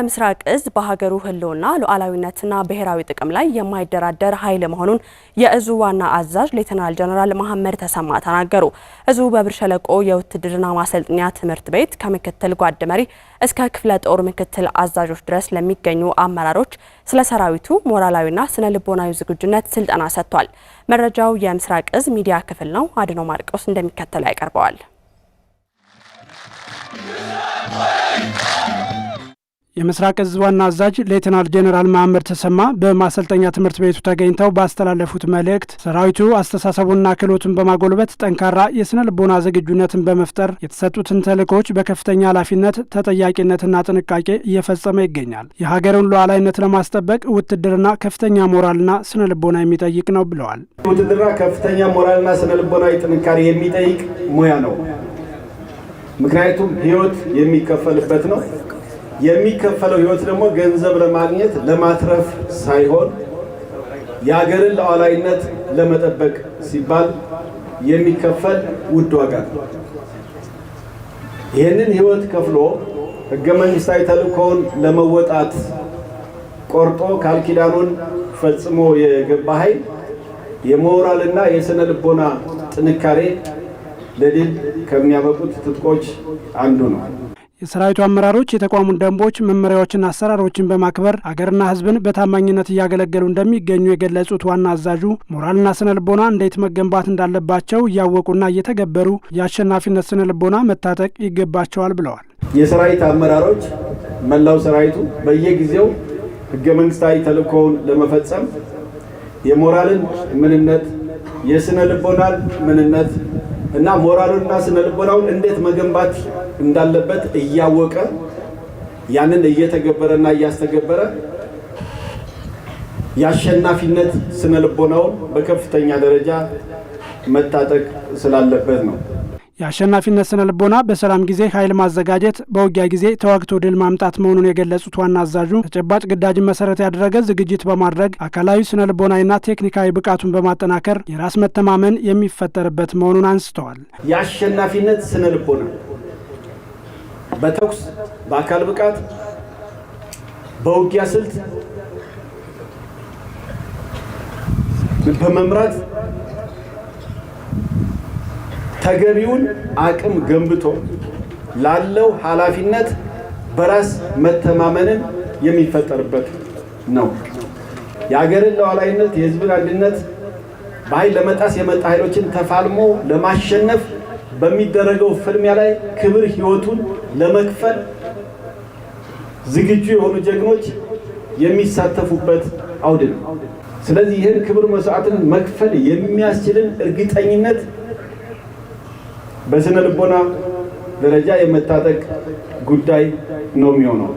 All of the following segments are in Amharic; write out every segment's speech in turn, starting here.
የምስራቅ እዝ በሀገሩ ህልውና ሉዓላዊነትና ብሔራዊ ጥቅም ላይ የማይደራደር ኃይል መሆኑን የእዙ ዋና አዛዥ ሌተናል ጀነራል መሐመድ ተሰማ ተናገሩ። እዙ በብር ሸለቆ የውትድርና ማሰልጥኛ ትምህርት ቤት ከምክትል ጓድ መሪ እስከ ክፍለ ጦር ምክትል አዛዦች ድረስ ለሚገኙ አመራሮች ስለ ሰራዊቱ ሞራላዊና ስነ ልቦናዊ ዝግጁነት ስልጠና ሰጥቷል። መረጃው የምስራቅ እዝ ሚዲያ ክፍል ነው። አድኖ ማርቆስ እንደሚከተለው ያቀርበዋል። የምስራቅ እዝ ዋና አዛዥ ሌትናል ጄኔራል መሐመድ ተሰማ በማሰልጠኛ ትምህርት ቤቱ ተገኝተው ባስተላለፉት መልእክት ሰራዊቱ አስተሳሰቡና ክህሎቱን በማጎልበት ጠንካራ የስነ ልቦና ዝግጁነትን በመፍጠር የተሰጡትን ተልእኮች በከፍተኛ ኃላፊነት፣ ተጠያቂነትና ጥንቃቄ እየፈጸመ ይገኛል። የሀገርን ሉዓላዊነት ለማስጠበቅ ውትድርና ከፍተኛ ሞራልና ስነ ልቦና የሚጠይቅ ነው ብለዋል። ውትድርና ከፍተኛ ሞራልና ስነ ልቦናዊ ጥንካሬ የሚጠይቅ ሙያ ነው። ምክንያቱም ህይወት የሚከፈልበት ነው። የሚከፈለው ህይወት ደግሞ ገንዘብ ለማግኘት ለማትረፍ ሳይሆን የሀገርን ሉዓላዊነት ለመጠበቅ ሲባል የሚከፈል ውድ ዋጋ ነው። ይህንን ህይወት ከፍሎ ህገ መንግስታዊ ተልእኮውን ለመወጣት ቆርጦ ቃል ኪዳኑን ፈጽሞ የገባ ኃይል የሞራልና የስነ ልቦና ጥንካሬ ለድል ከሚያበቁት ትጥቆች አንዱ ነው። የሰራዊቱ አመራሮች የተቋሙን ደንቦች፣ መመሪያዎችና አሰራሮችን በማክበር አገርና ሕዝብን በታማኝነት እያገለገሉ እንደሚገኙ የገለጹት ዋና አዛዡ ሞራልና ስነ ልቦና እንዴት መገንባት እንዳለባቸው እያወቁና እየተገበሩ የአሸናፊነት ስነ ልቦና መታጠቅ ይገባቸዋል ብለዋል። የሰራዊት አመራሮች መላው ሰራዊቱ በየጊዜው ህገ መንግስታዊ ተልእኮውን ለመፈጸም የሞራልን ምንነት፣ የስነ ልቦናን ምንነት እና ሞራሉና ስነልቦናውን እንዴት መገንባት እንዳለበት እያወቀ ያንን እየተገበረና እያስተገበረ የአሸናፊነት ስነልቦናውን በከፍተኛ ደረጃ መታጠቅ ስላለበት ነው። የአሸናፊነት ስነ ልቦና በሰላም ጊዜ ኃይል ማዘጋጀት፣ በውጊያ ጊዜ ተዋግቶ ድል ማምጣት መሆኑን የገለጹት ዋና አዛዡ ተጨባጭ ግዳጅን መሰረት ያደረገ ዝግጅት በማድረግ አካላዊ ስነ ልቦናዊና ቴክኒካዊ ብቃቱን በማጠናከር የራስ መተማመን የሚፈጠርበት መሆኑን አንስተዋል። የአሸናፊነት ስነ ልቦና በተኩስ በአካል ብቃት በውጊያ ስልት በመምራት ተገቢውን አቅም ገንብቶ ላለው ኃላፊነት በራስ መተማመንን የሚፈጠርበት ነው። የአገርን ሉዓላዊነት፣ የሕዝብን አንድነት በኃይል ለመጣስ የመጣ ኃይሎችን ተፋልሞ ለማሸነፍ በሚደረገው ፍልሚያ ላይ ክብር ሕይወቱን ለመክፈል ዝግጁ የሆኑ ጀግኖች የሚሳተፉበት አውድ ነው። ስለዚህ ይህን ክብር መስዋዕትን መክፈል የሚያስችልን እርግጠኝነት በስነ ልቦና ደረጃ የመታጠቅ ጉዳይ ነው የሚሆነው።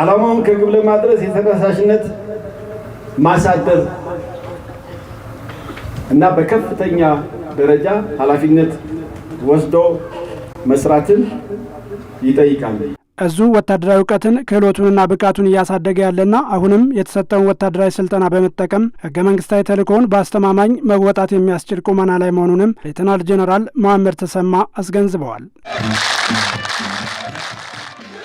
ዓላማውን ከግብ ለማድረስ የተነሳሽነት ማሳደር እና በከፍተኛ ደረጃ ኃላፊነት ወስዶ መስራትን ይጠይቃል። እዙ ወታደራዊ እውቀትን ክህሎቱንና ብቃቱን እያሳደገ ያለና አሁንም የተሰጠውን ወታደራዊ ስልጠና በመጠቀም ህገ መንግስታዊ ተልእኮውን በአስተማማኝ መወጣት የሚያስችል ቁመና ላይ መሆኑንም ሌተናል ጄኔራል መሐመድ ተሰማ አስገንዝበዋል።